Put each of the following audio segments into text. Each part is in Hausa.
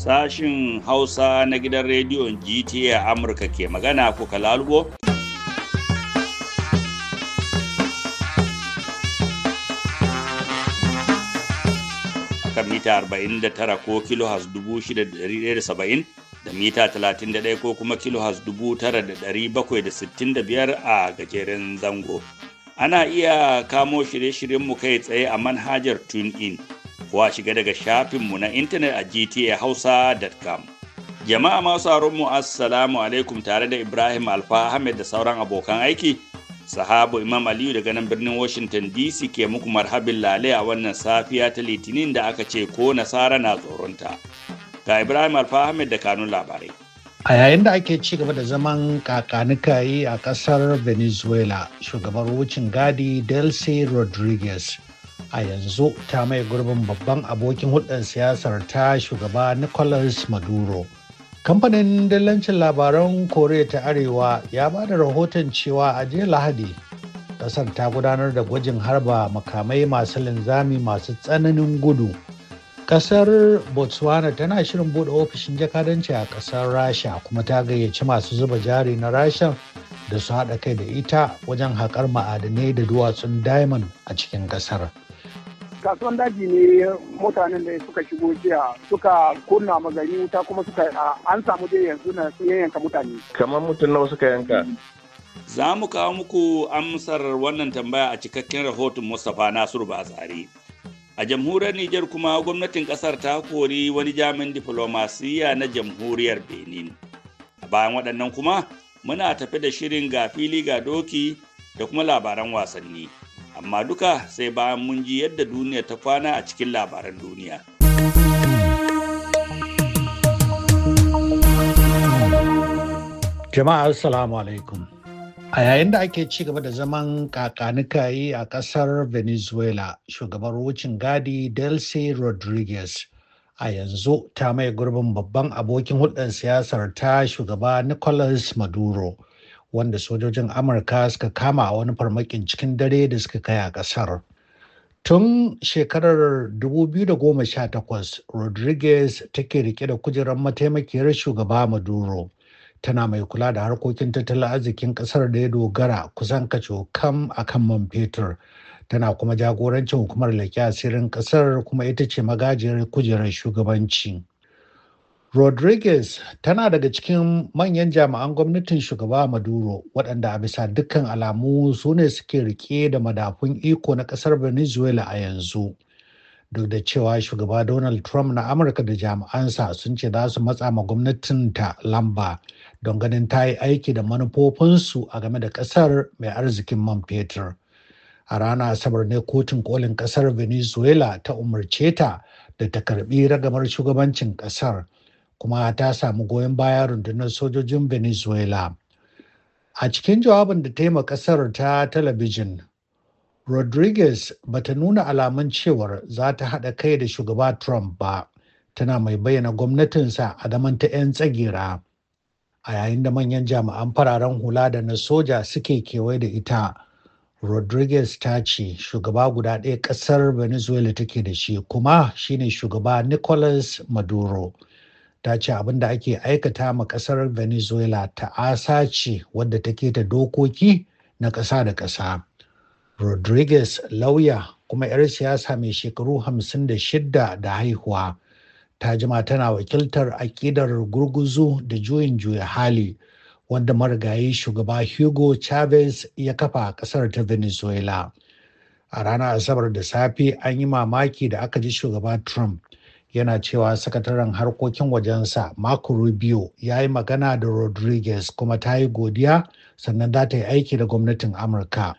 Sashin Hausa na gidan rediyon GTA Amurka ke magana kuka lalubo? kan mita 49 ko kilohas 6,170 da mita 31 ko kuma kilohas 9,765 a gajeren zango. ana iya kamo shirye-shiryenmu kai tsaye a manhajar TuneIn in a shiga daga shafinmu na intanet a gtahausa.com. Jama'a masu mu assalamu alaikum tare da Ibrahim Alfa Ahmed da sauran abokan aiki. Sahabu Imam Aliyu daga nan birnin Washington DC ke muku marhabin lale a wannan safiya ta Litinin da aka ce ko nasara na tsoronta. Ga Ibrahim Alfa Ahmed da kanun labarai. a yayin da ake ci gaba da zaman kakanikayi a kasar venezuela shugabar wucin gadi delcy rodriguez a yanzu ta mai gurbin babban abokin hulɗar siyasar ta shugaba nicolas maduro kamfanin dillancin labaran koriya ta arewa ya ba da rahoton cewa a jiya lahadi kasar ta gudanar da gwajin harba makamai masu linzami masu tsananin gudu Kasar Botswana tana shirin bude ofishin jakadanci a kasar Rasha kuma ta gayyaci masu zuba jari na Rasha da su haɗa kai da ita wajen haƙar ma'adanai da duwatsun diamond a cikin kasar. kasuwan daji ne mutanen da suka shigo jiya suka kunna magari wuta kuma suka an samu dai yanzu na sun yanka mutane kamar mutum nawa suka yanka za mu kawo muku amsar wannan tambaya a cikakken rahoton mustapha nasiru ba a jamhuriyar Nijar kuma gwamnatin kasar ta kori wani jami'in diflomasiyya na jamhuriyar Benin. A bayan waɗannan kuma muna tafi da shirin ga fili ga doki da kuma labaran wasanni. Amma duka sai bayan mun ji yadda duniya ta kwana a cikin labaran duniya. Jama'a Assalamu alaikum. A yayin da ake ci gaba da zaman kakanikayi a ƙasar Venezuela, shugabar wucin gadi Delcy Rodriguez a yanzu ta mai gurbin babban abokin hulɗar siyasar ta shugaba Nicolas Maduro, wanda sojojin Amurka suka kama a wani farmakin cikin dare da suka kai a ƙasar. Tun shekarar 2018, Rodriguez take rike da kujerar mataimakiyar shugaba Maduro. tana mai kula da harkokin tattalin arzikin kasar da ya dogara kusan kaco kam a kan man fetur tana kuma jagorancin hukumar leke asirin kasar kuma ita ce magajiyar kujerar shugabanci rodriguez tana daga cikin manyan jami'an gwamnatin shugaba maduro waɗanda a bisa dukkan alamu su ne suke rike da madafun iko na ƙasar venezuela a yanzu duk da cewa shugaba donald trump na amurka da jami'ansa sun ce za su matsa ma gwamnatinta lamba don ganin ta yi aiki da manufofinsu a game da kasar mai arzikin man fetur a rana asabar ne kotun kolin kasar venezuela ta umarce ta da ta karbi ragamar shugabancin kasar kuma ta samu goyon baya rundunar sojojin venezuela a cikin jawabin da ma kasar ta talabijin Rodriguez ba ta nuna alamun cewar za ta haɗa kai da shugaba Trump ba, tana mai bayyana gwamnatinsa a zaman ta 'yan tsagira A yayin da manyan jami'an fararen hula da na soja suke kewaye da ita, Rodriguez ta ce shugaba guda ɗaya ƙasar Venezuela take da shi kuma shine shugaba Nicolas Maduro. Ta ce abin da ake aikata ma ƙasar Venezuela ta'asa ce wadda take ta dokoki na ƙasa da ƙasa. rodriguez lauya kuma 'yar siyasa mai shekaru 56 da haihuwa ta jima tana wakiltar akidar gurguzu da juyin juya hali wanda marigayi shugaba hugo chavez ya kafa a kasar ta venezuela a ranar asabar da safe an yi mamaki da aka ji shugaba trump yana cewa sakataren harkokin wajensa marco rubio ya yi magana da rodriguez kuma ta yi godiya sannan za ta yi aiki da gwamnatin amurka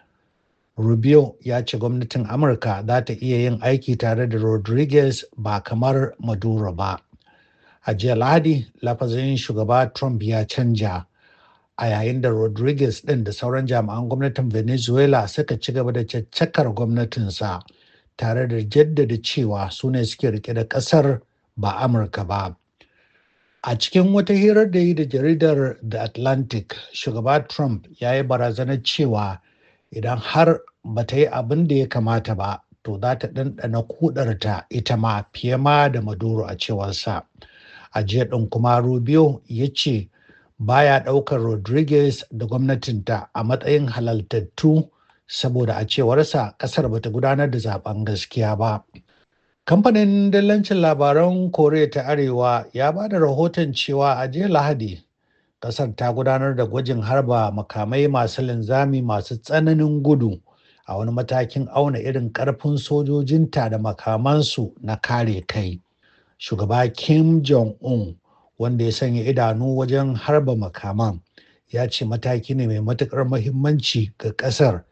Rubio ya ce gwamnatin Amurka za ta iya yin aiki tare da Rodriguez ba kamar Maduro ba. A jiya Lahadi, lafazin shugaba Trump ya canja a yayin da Rodriguez ɗin da sauran jami'an gwamnatin Venezuela suka ci gaba da caccakar gwamnatinsa tare da jaddada cewa su ne suke rike da ƙasar ba Amurka ba. A cikin wata hirar da yi da jaridar The Atlantic, shugaba Trump ya yi barazanar cewa idan har ba ta yi abin da ya kamata ba to za ta ɗanɗana kudarta ita ma fiye ma da maduro a cewarsa a jiya ɗin kuma rubio ya ce baya ɗaukar rodriguez da gwamnatinta a matsayin halaltattu saboda a cewarsa ƙasar ba ta gudanar da zaben gaskiya ba kamfanin dillancin labaran koriya ta arewa ya ba da rahoton cewa a jiya lahadi Ƙasar ta gudanar da gwajin harba makamai masu linzami masu tsananin gudu a wani matakin auna irin ƙarfin sojojinta da makamansu na kare kai. Shugaba Kim Jong-un wanda ya sanya idanu wajen harba makaman ya ce mataki ne mai matukar mahimmanci ga ƙasar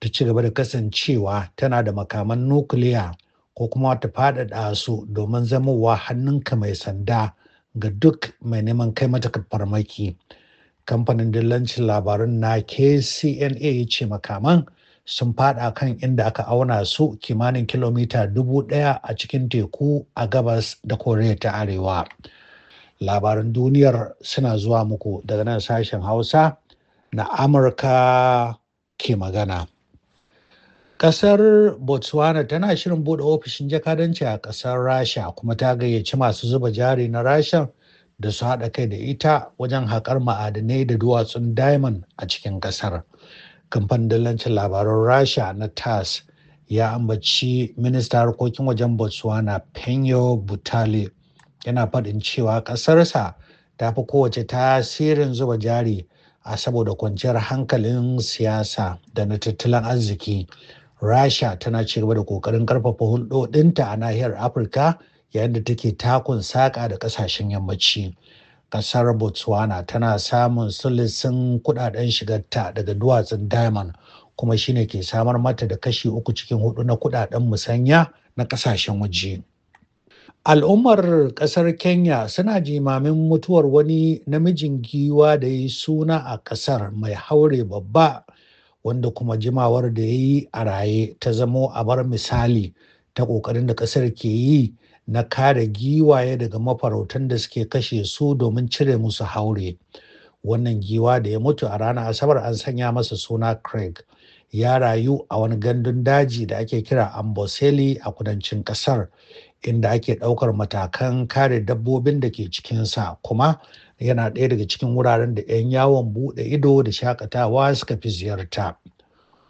ta ci gaba da kasancewa tana da makaman nukiliya ko kuma ta faɗaɗa su domin zamowa hannunka mai sanda ga duk mai neman kai mata farmaki kamfanin dillancin labarun na kcna ya ce makaman sun fada kan inda aka auna su kimanin kilomita dubu daya a cikin teku a gabas da koriya ta arewa Labarin duniyar suna zuwa muku daga nan sashen hausa na amurka ke magana Kasar Botswana tana shirin bude ofishin jakadanci a kasar Rasha kuma ta gayyaci masu zuba jari na Rasha da su haɗa kai da ita wajen haƙar ma'adanai da duwatsun diamond a cikin kasar. Kamfanin dalancin labaran Rasha na tas ya ambaci ministan harkokin wajen Botswana Penyo Butale yana faɗin cewa ƙasarsa ta fi kowace tasirin zuba jari a saboda kwanciyar hankalin siyasa da na tattalin arziki rasha tana ci gaba da kokarin karfafa hulɗoɗinta a nahiyar afirka yayin da take takun saƙa da ƙasashen yammaci ƙasar botswana tana samun sulisin kudaden shigarta daga duwatsun diamond kuma shine ke samar mata da kashi uku cikin hudu na kuɗaɗen musanya na ƙasashen waje al'ummar ƙasar kenya suna jimamin mutuwar wani namijin giwa da yi suna a ƙasar mai haure babba wanda kuma jimawar da ya yi a raye ta zamo a bar misali ta ƙoƙarin da ƙasar ke yi na kare giwaye daga mafarautan da suke kashe su domin cire musu haure wannan giwa da ya mutu a ranar asabar an sanya masa suna craig ya rayu a wani gandun daji da ake kira amboseli a kudancin kasar inda ake ɗaukar matakan kare dabbobin da ke cikinsa kuma yana ɗaya daga cikin wuraren da 'yan yawon buɗe ido da shakatawa suka fi ziyarta.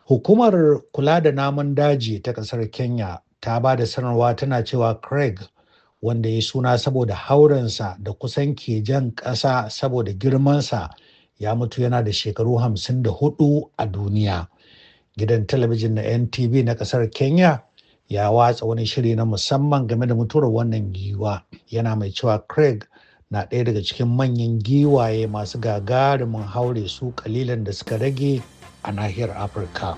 Hukumar kula da namun daji ta ƙasar Kenya ta ba da sanarwa tana cewa Craig wanda ya suna saboda haurensa da kusan ke jan ƙasa saboda girmansa ya mutu yana da shekaru 54 a duniya. Gidan talabijin na NTV na ƙasar Kenya ya watsa wani shiri na musamman game da mutuwar wannan giwa yana mai cewa Craig na ɗaya daga cikin manyan giwaye masu gagarumin haure su kalilan da suka rage a nahiyar afirka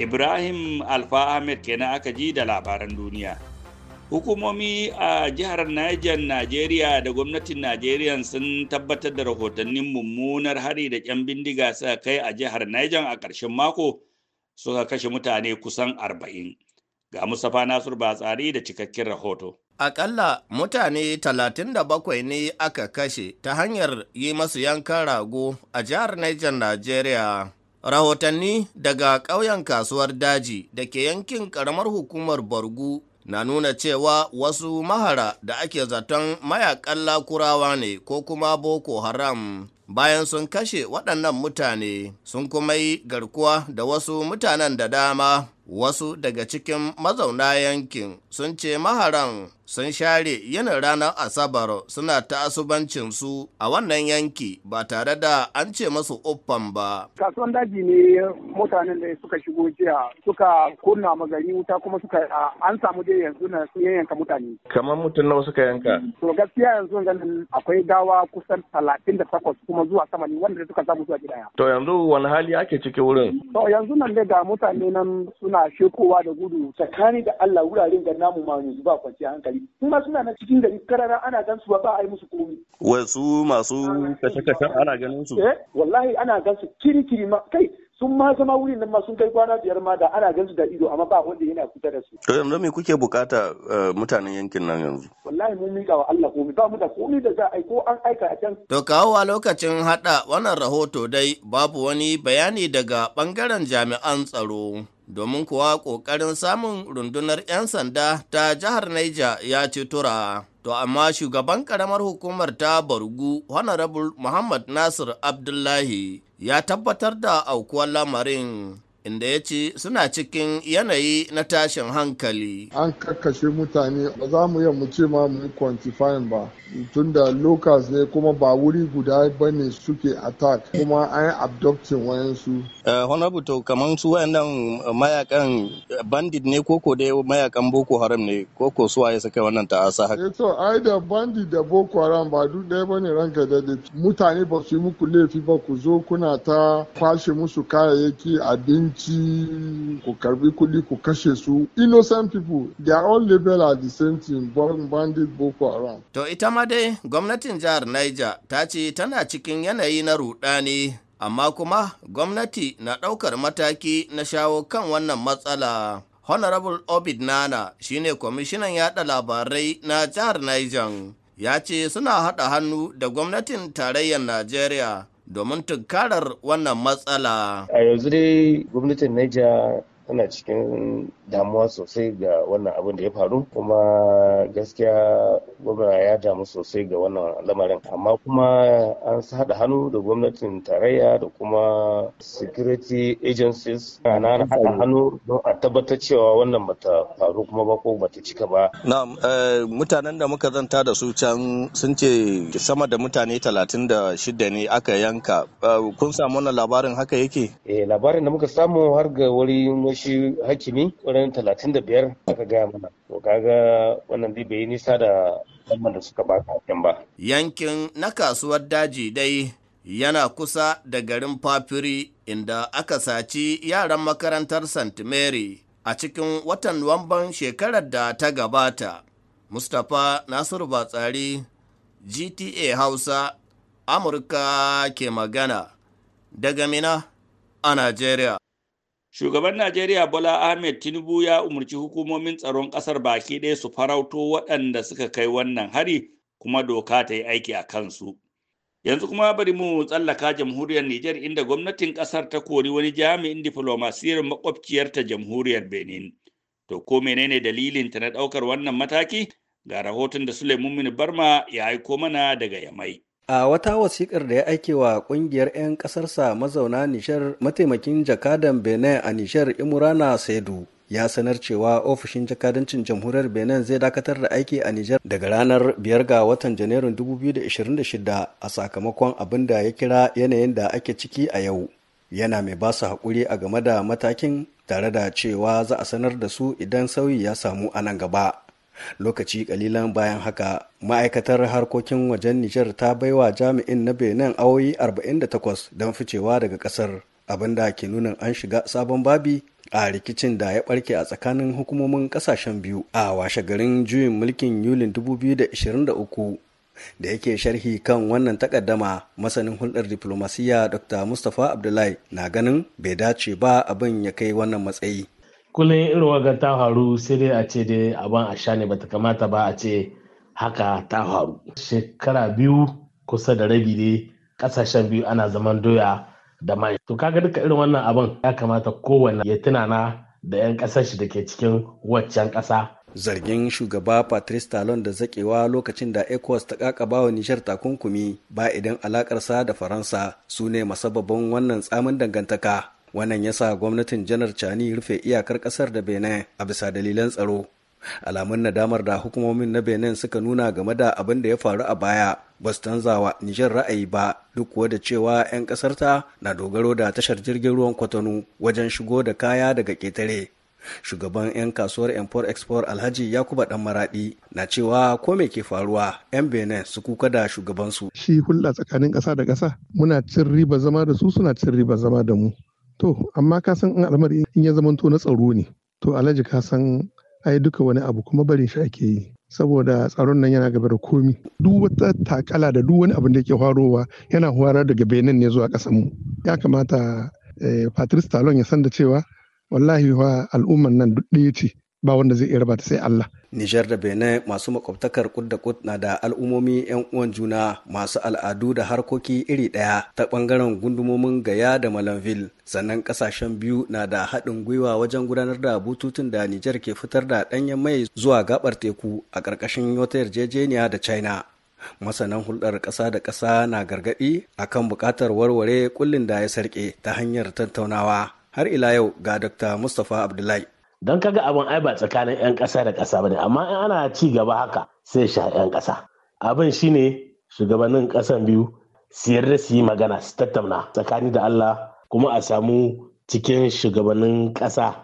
ibrahim alfa ahmed kenan aka ji da labaran duniya hukumomi a jihar niger Nigeria, da gwamnatin najeriya sun tabbatar da rahotannin mummunar hari da 'yan bindiga suka kai a jihar niger a ƙarshen mako suka kashe mutane kusan arba'in. Ga Mustapha Nasiru Batsari da cikakken rahoto. Aƙalla mutane 37 ne aka kashe ta hanyar yi masu yankan rago a jihar Niger Najeriya. Rahotanni daga ƙauyen kasuwar daji da ke yankin ƙaramar hukumar Borgu na nuna cewa wasu mahara da ake zaton mayakan lakurawa ne ko kuma Boko Haram bayan sun kashe waɗannan mutane sun kuma yi garkuwa da wasu mutanen da dama wasu daga cikin mazauna yankin sun ce maharan sun share yinin ranar asabar suna su a wannan yanki ba tare da an ce masu uffan ba. kasuwan daji ne mutanen da suka shigo jiya suka kunna magari wuta kuma suka an samu dai yanzu na sun yanka mutane. kamar mutum nawa suka yanka. to gaskiya yanzu ganin akwai gawa kusan talatin da takwas kuma zuwa sama ne wanda suka samu zuwa gidaya. to yanzu wani hali ake ciki wurin. to yanzu nan dai ga mutane nan suna suna shekowa da gudu tsakani da Allah wuraren da namu ma yanzu ba kwanciyar hankali kuma suna na cikin gari karara ana gan su ba a yi musu komi wasu masu kashe kashe ana ganin su eh wallahi ana gan su kiri-kiri ma kai sun ma zama wurin nan ma sun kai kwana biyar ma da ana gansu da ido amma ba wanda yana kuta da su. To yanzu me kuke bukata eh, mutanen yankin nan yanzu? Wallahi mun mika wa Allah komai ba mu da komai da za a ko an aika a can. To kawo a lokacin hada wannan rahoto dai babu wani bayani daga bangaren jami'an tsaro. domin kuwa ƙoƙarin samun rundunar 'yan sanda ta jihar Niger ya ci tura. To amma shugaban ƙaramar hukumar ta Bargu Honorable Muhammad Nasir Abdullahi ya tabbatar da aukuwar lamarin inda ya ce suna cikin yanayi na tashin hankali. An kakkashe mutane ba za mu mu ce ma mu quantifying ba tunda locals ne kuma ba wuri guda ba ne suke attack kuma an yi wayansu. Eh, honorable to kamar su wayannan eh, mayakan eh, bandit ne koko dai mayakan Boko Haram ne koko su waye suka wannan ta'asa haka. Eto ai da bandit da Boko Haram ba duk ɗaya ba ne ranka da mutane ba su yi muku laifi ba ku zo kuna ta kwashe musu kayayyaki abinci ci ku karbi kudi ku kashe su innocent people they are all level at the same thing born bandit boko haram to ita ma dai gwamnatin jihar niger ta ce tana cikin yanayi na rudani amma kuma gwamnati na ɗaukar mataki na shawo kan wannan matsala honorable obid nana shine kwamishinan yada labarai na jihar niger ya ce suna haɗa hannu da gwamnatin tarayyar najeriya domin tunkarar wannan matsala. A yanzu dai gwamnatin Niger tana cikin damuwa sosai ga wannan abin da ya faru kuma gaskiya gwamna ya damu sosai ga wannan lamarin amma kuma an haɗa hannu da gwamnatin tarayya da kuma security agencies na haɗa hannu don a tabbatar cewa wannan bata faru kuma ba ko bata cika ba na'am eh, mutanen da muka zanta da su can sun ce sama da mutane talatin da shida ne aka yanka eh, kun samu wannan labarin haka yake eh, labarin da muka samu har ga wuri shi hakimi wurin talatin da biyar aka gaya mana to kaga wannan zai bai nisa da wannan da suka ba hakin ba yankin na kasuwar daji dai yana kusa da garin papiri inda aka saci yaran makarantar st mary a cikin watan nuwamban shekarar da ta gabata mustapha nasiru batsari gta hausa amurka ke magana daga mina a nigeria shugaban najeriya bola ahmed tinubu ya umarci hukumomin tsaron ƙasar baki ɗaya su farauto waɗanda suka kai wannan hari kuma doka ta yi aiki a kansu yanzu kuma bari mu tsallaka jamhuriyar Nijar inda gwamnatin ƙasar ta kori wani jami'in diflomasiyar makwabciyarta jamhuriyar benin to ko menene dalilin ta na ɗaukar wannan mataki ga rahoton da suleiman barma ya aiko mana daga yamai A wata wasikar da ya aike wa ƙungiyar 'yan ƙasarsa mazauna Nishar mataimakin jakadan Benin a Nishar Imurana Saidu ya sanar cewa ofishin jakadancin jamhuriyar Benin zai dakatar da aiki a Nijar daga ranar 5 ga watan Janairun 2026 a sakamakon abin da ya kira yanayin da ake ciki a yau. Yana mai ba su haƙuri a game da matakin tare da cewa za a sanar da su idan sauyi ya samu a nan gaba. lokaci kalilan bayan haka ma'aikatar harkokin wajen nijar ta baiwa jami'in na benin awoyi 48 don ficewa daga kasar abin da ke nuna an shiga sabon babi a rikicin da ya barke a tsakanin hukumomin kasashen biyu a washe garin juyin mulkin yulin 2023 da yake sharhi kan wannan takaddama masanin hulɗar diplomasiya dr mustapha abdullahi na ganin bai dace ba abin ya kai wannan matsayi kullum irin waga ta faru sai dai a ce dai abin a sha ne bata kamata ba a ce haka ta faru shekara biyu kusa da rabi dai kasashen biyu ana zaman doya da mai to kaga duka irin wannan abin ya kamata kowanne ya tunana da 'yan kasar shi da ke cikin waccan kasa zargin shugaba patrice talon da zakewa lokacin da ecowas ta kakaba wa nishar takunkumi ba idan alakarsa da faransa su ne masababin wannan tsamin dangantaka wannan ya sa gwamnatin janar cani rufe iyakar kasar da benin a bisa dalilan tsaro alamun nadamar da hukumomin na benin suka nuna game da abin da ya faru a baya ba su tanzawa nijar ra'ayi ba duk kuwa da cewa 'yan ƙasarta na dogaro da tashar jirgin ruwan kwatano wajen shigo da kaya daga ƙetare shugaban 'yan kasuwar import export alhaji yakuba dan maradi na cewa ko me ke faruwa 'yan benin su kuka da shugabansu shi hulɗa tsakanin ƙasa da ƙasa muna cin riba zama da su suna cin riba zama da mu To, amma ka san in al'amari in ya zamanto na tsaro ne, to alhaji ka san ai duka wani abu kuma barin shi ake yi. Saboda tsaron nan yana gaba da komi. Duk wata takala da duk wani abu da yake farowa yana hwara daga Benin ne zuwa mu Ya kamata eh, Patrice Talon ya san da cewa wallahi wa al'ummar nan duk ɗaya ce. ba wanda zai iya sai Allah. Nijar da Benin masu makwabtakar kud da kud na da al'ummomi 'yan uwan juna masu al'adu da harkoki iri ɗaya ta ɓangaren gundumomin Gaya da Malanville. Sannan ƙasashen biyu na da haɗin gwiwa wajen gudanar da bututun da Nijar ke fitar da ɗanyen mai zuwa gaɓar teku a ƙarƙashin wata yarjejeniya da China. masanan hulɗar ƙasa da ƙasa na gargaɗi a kan buƙatar warware kullin da ya sarƙe ta hanyar tattaunawa har ila yau ga dr mustapha abdullahi don kaga abin ai ba tsakanin 'yan kasa da kasa ba ne amma in ana ci gaba haka sai sha 'yan kasa abin shine shugabannin ƙasan biyu su da su yi magana su tattauna tsakani da Allah kuma a samu cikin shugabannin kasa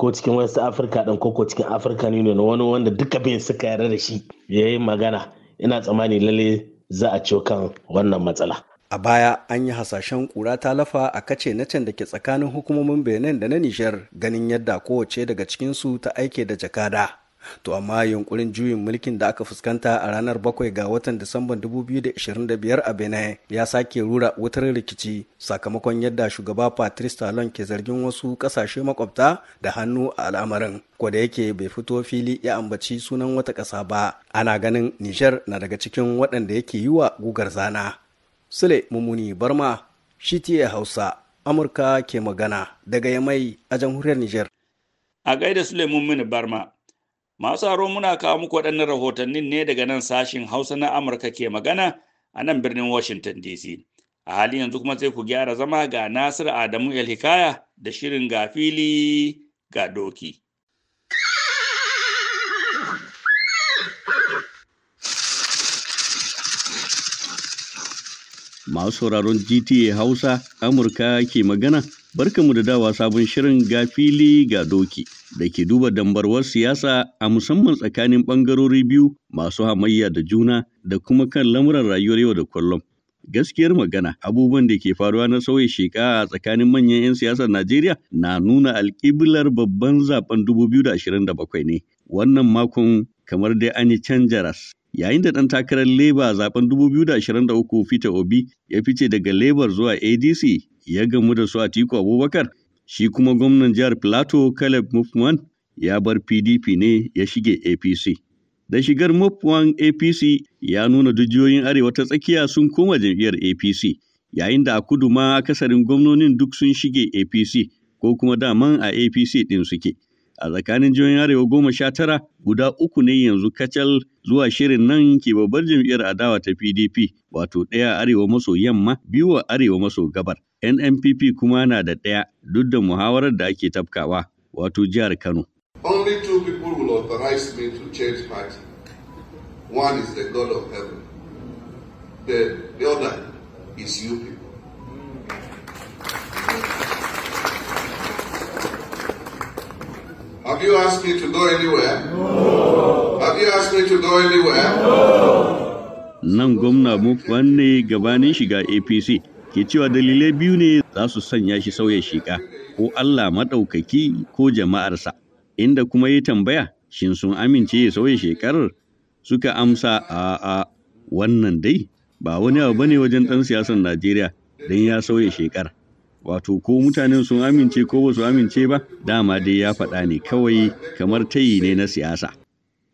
ko cikin wasu afirka ɗin ko cikin afirka ne wani wanda duka bai suka yarda da shi ya yi magana ina tsammani lalle za a ciwo kan wannan matsala a baya an yi hasashen kura ta lafa a kace na can da ke tsakanin hukumomin benin da na nijar ganin yadda kowace daga cikinsu ta aike da jakada to amma yunkurin juyin mulkin da aka fuskanta a ranar 7 ga watan disamban 2025 a benin ya sake rura wutar rikici sakamakon yadda shugaba patrice talon ke zargin wasu kasashe makwabta da hannu a al'amarin da yake bai fito fili ya ambaci sunan wata ƙasa ba ana ganin nijar na daga cikin waɗanda yake yi wa gugar zana Sule Mumuni Barma, shitiya Hausa, Amurka ke magana daga Yamai a jamhuriyar Nijar. A gaida Sule Mumuni Barma, masu haro muna kawo muku waɗannan rahotannin ne daga nan sashin Hausa na Amurka ke magana a nan birnin Washington DC. A halin yanzu kuma sai ku gyara zama ga Nasir Adamu El Hikaya da shirin ga fili ga doki. Masu sauraron GTA Hausa Amurka ke magana barkamu da dawa sabon shirin ga fili ga doki da ke duba dambarwar siyasa a musamman tsakanin ɓangarori biyu masu hamayya da juna da kuma kan lamuran rayuwar yau da kullum. gaskiyar magana abubuwan da ke faruwa na sauya shekara a tsakanin manyan 'yan siyasar Najeriya na nuna alƙiblar babban zaben 2027 ne. Wannan makon kamar dai an yi canjaras yayin da ɗan takarar Labour zaben 2023 Peter Obi ya fice daga Labour zuwa ADC ya gamu da su a tiku Abubakar, shi kuma gwamnan jihar Plateau Caleb Mufman ya bar PDP ne ya shige APC. Da shigar Mufman APC ya nuna dujiyoyin arewa ta tsakiya sun koma jam'iyyar APC, yayin da a kudu ma akasarin gwamnonin duk sun shige APC ko kuma daman a APC ɗin suke. a tsakanin jihohin arewa goma sha tara guda uku ne yanzu kacal zuwa shirin nan ke babbar jam'iyyar adawa ta pdp wato ɗaya arewa maso yamma biyu a arewa maso gabar nnpp kuma na da ɗaya duk da muhawarar da ake tafkawa wato jihar kano Only two people will authorize me to change party. One is the God of heaven. The, the other is you people. Have you asked me to go anywhere? No. Have you asked me to go anywhere? No. Nan gwamna mu gabanin shiga APC ke cewa dalilai biyu ne za su sanya shi sauya shiga ko Allah maɗaukaki ko jama'arsa inda kuma ya tambaya shin sun amince ya sauya shekarar suka amsa a a wannan dai ba wani abu bane wajen ɗan siyasar Najeriya don ya sauya shekar. wato ko mutanen sun amince ko ba su amince ba dama dai ya faɗa ne kawai kamar ta yi ne na siyasa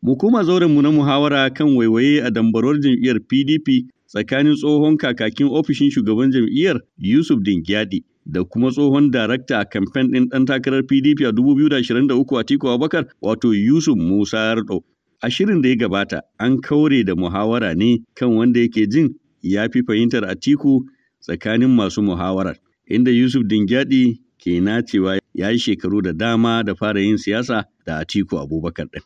mu koma zauren mu na muhawara kan waiwaye a dambarwar jam'iyyar pdp tsakanin tsohon kakakin ofishin shugaban jam'iyyar yusuf dingyadi da kuma tsohon darakta a kamfen ɗin ɗan takarar pdp a 2023 a tiko abakar wato yusuf musa Yardo. a shirin da ya gabata an kaure da muhawara ne kan wanda yake jin ya fi fahimtar atiku tsakanin masu muhawarar inda Yusuf Dingyadi ke nacewa ya yi shekaru da dama da fara yin siyasa da Atiku Abubakar ɗin.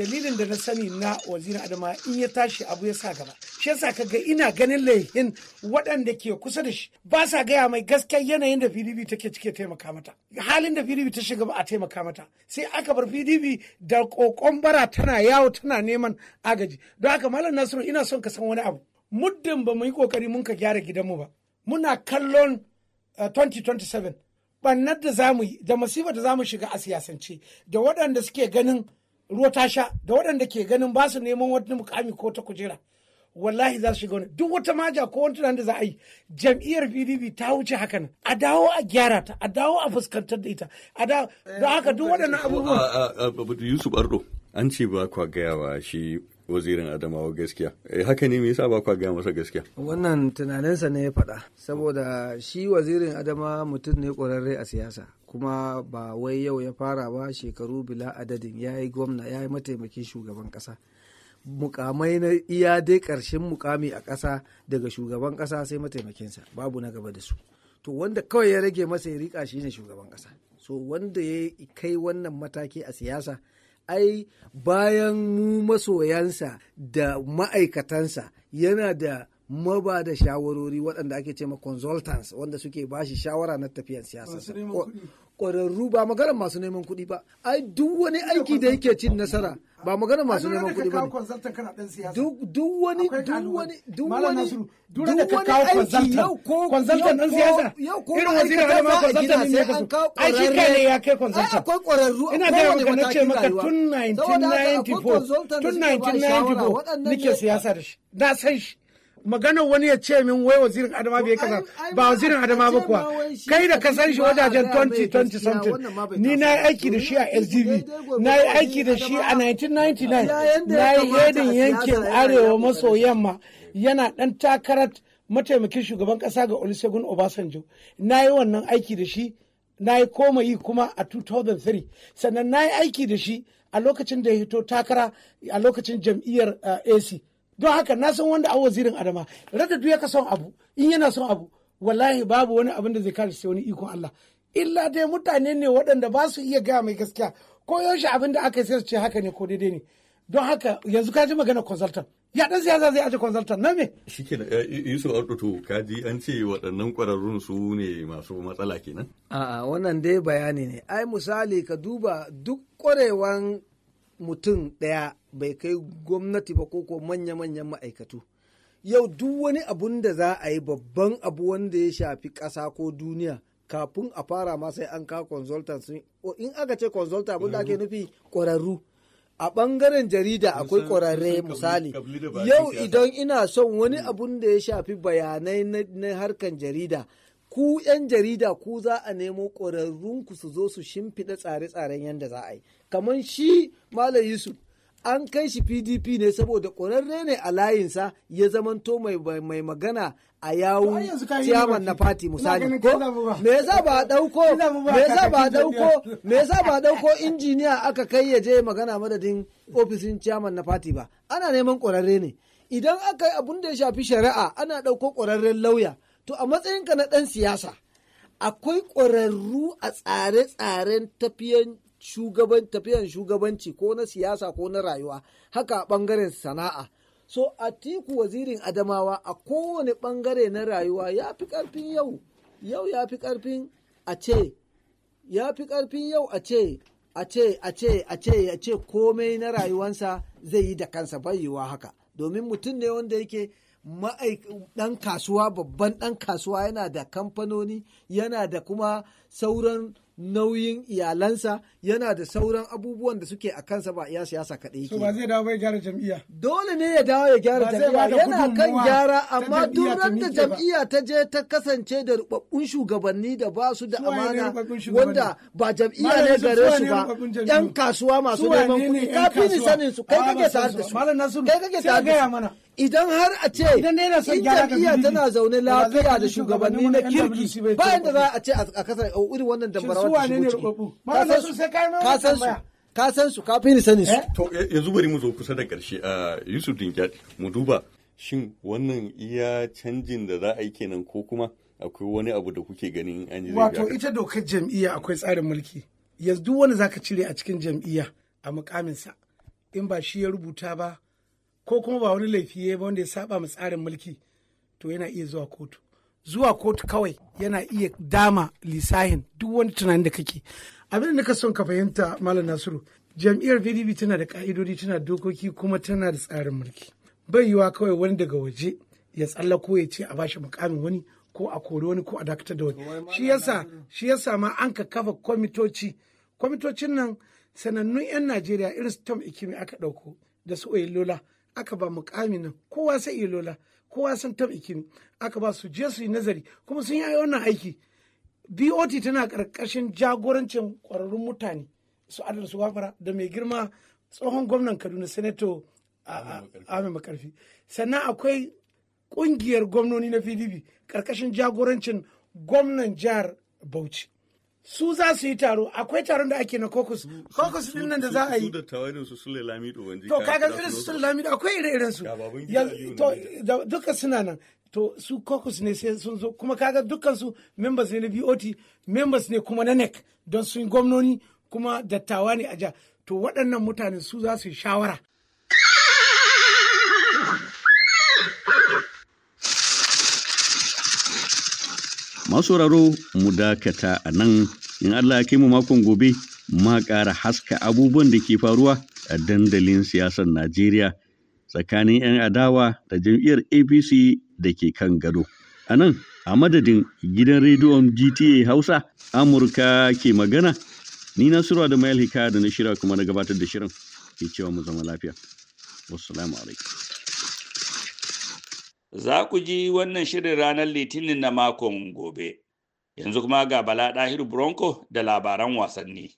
dalilin da na sani na wazirin adama in ya tashi abu ya sa gaba shi yasa ga ina ganin laifin waɗanda ke kusa da shi ba sa gaya mai gaskiyar yanayin da pdp take cike taimaka mata halin da pdp ta shiga ba a taimaka mata sai aka bar pdp da kokon bara tana yawo tana neman agaji don haka malam nasiru ina son ka san wani abu muddin ba mu yi kokari mun ka gyara gidanmu ba muna kallon 2027 eh, bannar da za mu yi da masifar da za mu shiga a siyasance da waɗanda suke ganin ruwa ta sha da waɗanda ke ganin ba su neman wani mukami ko ta kujera wallahi za su shiga wani duk wata maja ko wani tunanin da za a yi jam'iyyar pdp ta wuce haka nan a dawo a gyara ta a dawo a fuskantar da ita a dawo don eh, haka duk eh, waɗannan eh, abubuwan yusuf ardo an ce ba kwa gayawa shi wazirin adamawa gaskiya haka ne me yasa ba kwa gaya masa gaskiya wannan tunaninsa ne ya faɗa saboda shi wazirin Adama mutum ne ƙwararre a siyasa kuma ba wai yau ya fara ba shekaru bila adadin ya yi gwamna ya yi mataimakin shugaban kasa mukamai na iya dai ƙarshen mukami a ƙasa daga shugaban ƙasa sai mataimakinsa babu na gaba da su to wanda kawai ya rage masa ya rika shi ne shugaban ƙasa so wanda ya kai wannan mataki a siyasa ai bayan mu masoyansa da ma'aikatansa yana da ma ba da shawarori waɗanda ake ce ma consultants wanda suke bashi shawara na tafiyan siyasa ƙwararru ba maganar masu neman kuɗi ba ai duk wani aiki da yake cin nasara ba maganar masu neman kuɗi ba duk wani duk wani duk wani duk wani aiki yau ko konsultant ɗan siyasa yau ko irin wazira wani ma consultant ne ka so aiki kai ne ya kai consultant akwai ƙwararru ina ga yau ka ce maka tun 1994 tun 1994 nike siyasa da shi na san shi maganar wani ya ce min wai wazirin adama bai kasa ba wazirin adama ba kuwa kai da ka san shi wajajen 2020 something ni na yi aiki da shi a sdv na yi aiki da shi a 1999 na yi yadin yankin arewa maso yamma yana dan takarar mataimakin shugaban kasa ga olusegun obasanjo na yi wannan aiki da shi na yi koma yi kuma a 2003 sannan na yi aiki da shi a lokacin da ya hito takara a lokacin jam'iyyar uh, ac don haka na san wanda a wazirin adama raka ya ka son abu in yana son abu wallahi babu wani abin da zai kare sai wani ikon Allah illa dai mutane ne waɗanda ba su iya gaya mai gaskiya ko yaushe abin da aka yi sai ce haka ne ko daidai ne don haka yanzu ka ji magana consultant ya dan siyasa zai aje consultant na me da Yusuf Arduto ka ji an ce waɗannan ƙwararrun su ne masu matsala kenan a'a wannan dai bayani ne ai misali ka duba duk kwarewan mutum ɗaya bai kai gwamnati ba ko manya-manyan ma'aikatu yau duk wani abun da za a yi babban abu wanda ya shafi ƙasa ko duniya kafin a fara ma sai an kawo consultant in aka ce consultant abin da ake nufi ƙwararru a ɓangaren jarida akwai ƙwararre misali yau idan ina son wani hmm. abun da ya shafi bayanai na harkan jarida ku 'yan jarida ku za a nemo ƙwararrunku su zo su shimfiɗa tsare-tsaren yadda za a yi kamar shi malam yusuf an kai shi pdp ne saboda ƙwararre ne a layinsa ya zamanto mai magana a yawun ciyaman na fati misali ko me yasa ba ɗauko me yasa ba dauko me yasa ba ɗauko injiniya aka kai ya je magana madadin ofishin ciyaman na fati ba ana neman ƙwararre ne idan aka yi abun da ya shafi shari'a ana ɗauko ƙwararren lauya to a matsayinka na ɗan siyasa akwai ƙwararru a tsare-tsaren shugaban tafiyan shugabanci ko na siyasa ko na rayuwa haka a ɓangaren sana'a so a tiku wazirin adamawa a kowane ɓangare na rayuwa ya fi ƙarfin yau yau ya fi ƙarfin a ce ya fi ƙarfin yau a ce a ce a ce a ce a ce komai na rayuwansa zai yi da kansa bayyuwa haka domin mutum ne wanda yake ɗan kasuwa babban ɗan kasuwa yana da kamfanoni yana da kuma sauran nauyin iyalansa yana da sauran abubuwan da suke a kansa ba iya siyasa kaɗai yake. ba zai dawo gyara jam'iyya. Dole ne ya dawo ya gyara jam'iyya yana kan gyara amma duran da jam'iyya ta je ta kasance da rubabbun shugabanni da ba su da amana wanda ba jam'iyya ne gare su ba yan kasuwa masu neman kuɗi kafin ni sanin su kai kake tare da su kai kake tare da su idan har a ce in jam'iyya tana zaune lafiya da shugabanni na kirki bayan da za a ce a kasar rubabu irin wannan dambara wata shi wuce. kasansu su sai kai tambaya. ka ka fi ni sanin su eh? to eh, yanzu bari mu zo kusa da karshe a ah, Yusuf Dinkyat mu duba shin wannan iya canjin da za a yi kenan ko kuma akwai wani abu da kuke ganin an yi wato ita dokar jam'iyya akwai tsarin mulki yanzu duk wani zaka cire a cikin jam'iyya a mukaminsa in ba shi ya rubuta ba ko kuma ba wani laifi ya ba wanda ya saba ma tsarin mulki to yana iya zuwa kotu zuwa kotu kawai yana iya dama lisahin duk wani tunanin da kake abin da ka son ka fahimta malam nasiru jam'iyyar pdp tana da ka'idodi tana dokoki kuma tana da tsarin mulki bai yiwa kawai wani daga waje ya tsallako ya ce a bashi mukamin wani ko a kori wani ko a dakatar da wani shi yasa shi yasa ma an ka kafa kwamitoci kwamitocin nan sanannun 'yan najeriya irin su tom ikimi aka dauko da su lola aka ba mukamin nan kowa sai lola kowa sun taɓa kini aka ba su je su yi nazari kuma sun yi wannan aiki bot tana ƙarƙashin jagorancin ƙwararrun mutane su adana su wafara da mai girma tsohon gwamnan kaduna senato ahmed makarfi sannan akwai ƙungiyar gwamnoni na pdp ƙarƙashin jagorancin gwamnan jihar bauchi su za su yi taro akwai taron da ake na kokus kokus din nan da za a yi da tawarin su sule lamido wanji to kaga irin su sule lamido akwai ire iren su to duka suna nan to su kokus ne sai sun zo kuma kaga dukkan su members ne na BOT members ne kuma na NEC don sun gwamnoni kuma dattawa ne a ja to waɗannan mutane su za su yi shawara masu sauraro mu dakata a nan in Allah ya kai mu makon gobe ma ƙara haska abubuwan da ke faruwa a dandalin siyasar Najeriya tsakanin 'yan adawa da jam'iyyar APC da ke kan gado. A nan a madadin gidan rediyon GTA Hausa Amurka ke magana ni na surwa da mayal hika da na shirya kuma na gabatar da shirin ke cewa mu zama lafiya. Wassalamu alaikum. Za ku ji wannan shirin ranar Litinin na makon gobe. Yanzu kuma ga Bala Ɗahiru Bronco da labaran wasanni.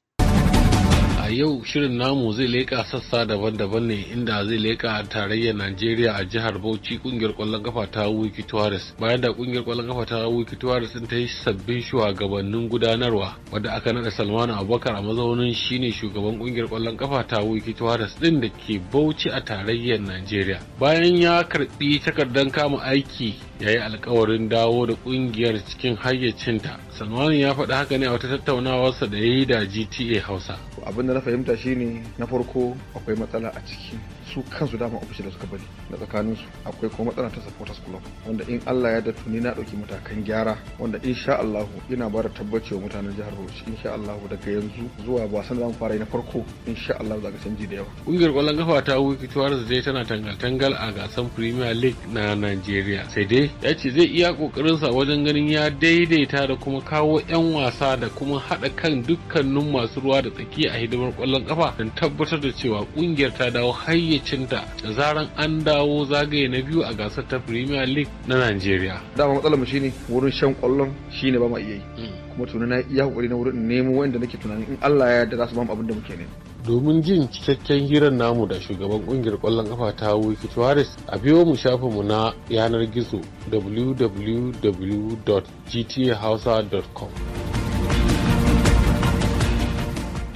A yau shirin namu zai leƙa sassa daban-daban ne inda zai leƙa tarayyar Najeriya a jihar Bauchi ƙungiyar ƙwallon kafa ta Wiki Tuwaris. Bayan da kungiyar ƙwallon kafa ta Wiki Tuwaris ta yi sabbin shugabannin gudanarwa wadda aka naɗa Salmanu Abubakar a mazaunin shine shugaban kungiyar ƙwallon kafa ta Wiki Tuwaris din da ke Bauchi a tarayyar Najeriya. Bayan ya karɓi takardar kama aiki ya yi alkawarin dawo da kungiyar cikin hayyacinta salmanin ya faɗi haka ne a wata tattaunawarsa da ya yi da gta hausa abin da na fahimta shine na farko akwai matsala a ciki su kansu dama ofishi da suka bari da tsakanin su akwai kuma matsala ta supporters club wanda in Allah ya da tuni na dauki matakan gyara wanda insha Allah ina bada tabbacewa mutanen jihar Bauchi insha Allah daga yanzu zuwa wasan da zamu fara na farko insha Allah za ka canji da yawa kungiyar kwallon kafa ta wuki tuwar zai tana tangal tangal a gasar Premier League na Nigeria sai dai ya ce zai iya kokarin sa wajen ganin ya daidaita da kuma kawo 'yan wasa da kuma haɗa kan dukkanin masu ruwa da tsaki a hidimar kwallon kafa don tabbatar da cewa kungiyar ta dawo hayya takaicinta da zaran an dawo zagaye na biyu a gasar ta Premier League na Najeriya. Dama matsalar mu shine wurin shan kwallon shine ba ma iya yi. Hmm. Kuma tunanin na iya kokari na wurin nemo wanda nake tunanin in Allah ya yarda za su ba mu abin da muke nema. domin jin cikakken hirar namu da shugaban kungiyar kwallon kafa ta wiki tuwaris a biyo mu mu na yanar gizo www.gtahausa.com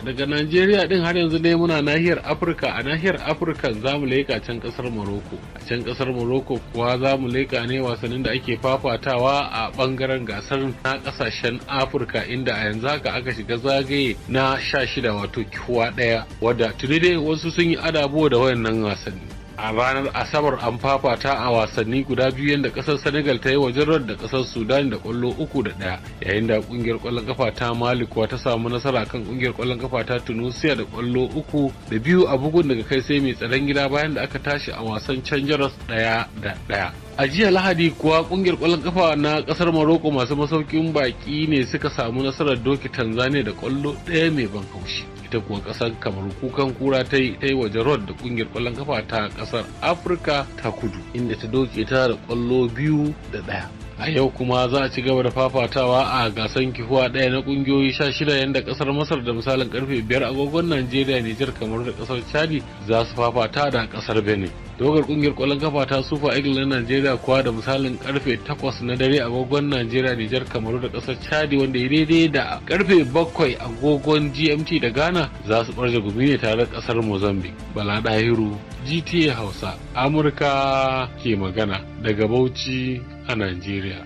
daga najeriya din har yanzu ne muna nahiyar afirka a nahiyar afirka za mu leka can ƙasar morocco a can ƙasar morocco kuwa za mu leka ne wasannin da ake fafatawa a ɓangaren gasar na kasashen afirka inda a yanzu haka aka shiga zagaye na sha shida wato kiwa ɗaya wadda tuni dai wasu sun yi adabo da wayannan wasanni a ranar asabar an fafata a wasanni guda biyu yadda kasar senegal ta yi wajen da kasar sudan da kwallo uku da daya yayin da kungiyar kwallon kafa ta mali kuwa ta samu nasara kan kungiyar kwallon kafa ta tunisia da kwallo uku da biyu a bugun daga kai sai mai tsaron gida bayan da aka tashi a wasan can jaras daya da daya a jiya lahadi kuwa kungiyar kwallon kafa na kasar maroko masu masaukin baki ne suka samu nasarar doki tanzania da kwallo daya mai ban haushi ita kuwa kasar kamaru kukan kura ta yi ta yi wa jarod da kungiyar kwallon kafa ta kasar afirka ta kudu inda ta doke ta da kwallo biyu da daya a yau kuma za a ci gaba da fafatawa a gasan kihuwa ɗaya na ƙungiyoyi sha shida yadda ƙasar masar da misalin karfe biyar agogon najeriya nijar kamar da ƙasar chadi za su fafata da ƙasar benin dogar ƙungiyar ƙwallon kafa ta sufa eagle na najeriya kuwa da misalin karfe takwas na dare agogon najeriya nijar kamar da ƙasar chadi wanda ya daidai da karfe bakwai agogon gmt da ghana za su ɓarje gumi ne tare da ƙasar mozambique bala dahiru gta hausa amurka ke magana daga bauchi a Najeriya.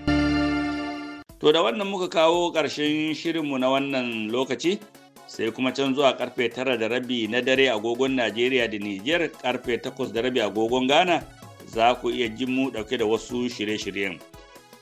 To da wannan muka kawo ƙarshen shirinmu na wannan lokaci sai kuma can zuwa karfe tara da rabi na dare agogon Najeriya da Nijar karfe takwas da rabi agogon Ghana za ku iya jin mu ɗauke da wasu shirye-shiryen.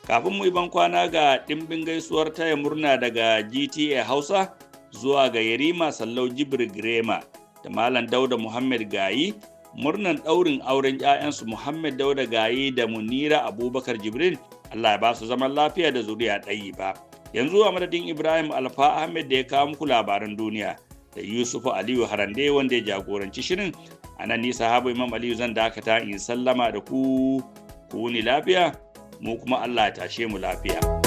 Kafin mu ban kwana ga ɗimbin gaisuwar taya murna daga GTA Hausa zuwa ga Yarima Sallau Jibir Grema da Malam Dauda Muhammad Gayi murnan ɗaurin auren 'ya'yansu Muhammad Dauda Gaye da Munira Abubakar Jibrin Allah ya ba su zaman lafiya da zuriya ɗayi ba. Yanzu a madadin Ibrahim Alfa Ahmed da ya kawo muku labaran duniya da Yusuf Aliyu Harande wanda ya jagoranci shirin a nan nisa sahabu Imam Aliyu zan dakata in sallama da ku ku ni lafiya mu kuma Allah ya tashe mu lafiya.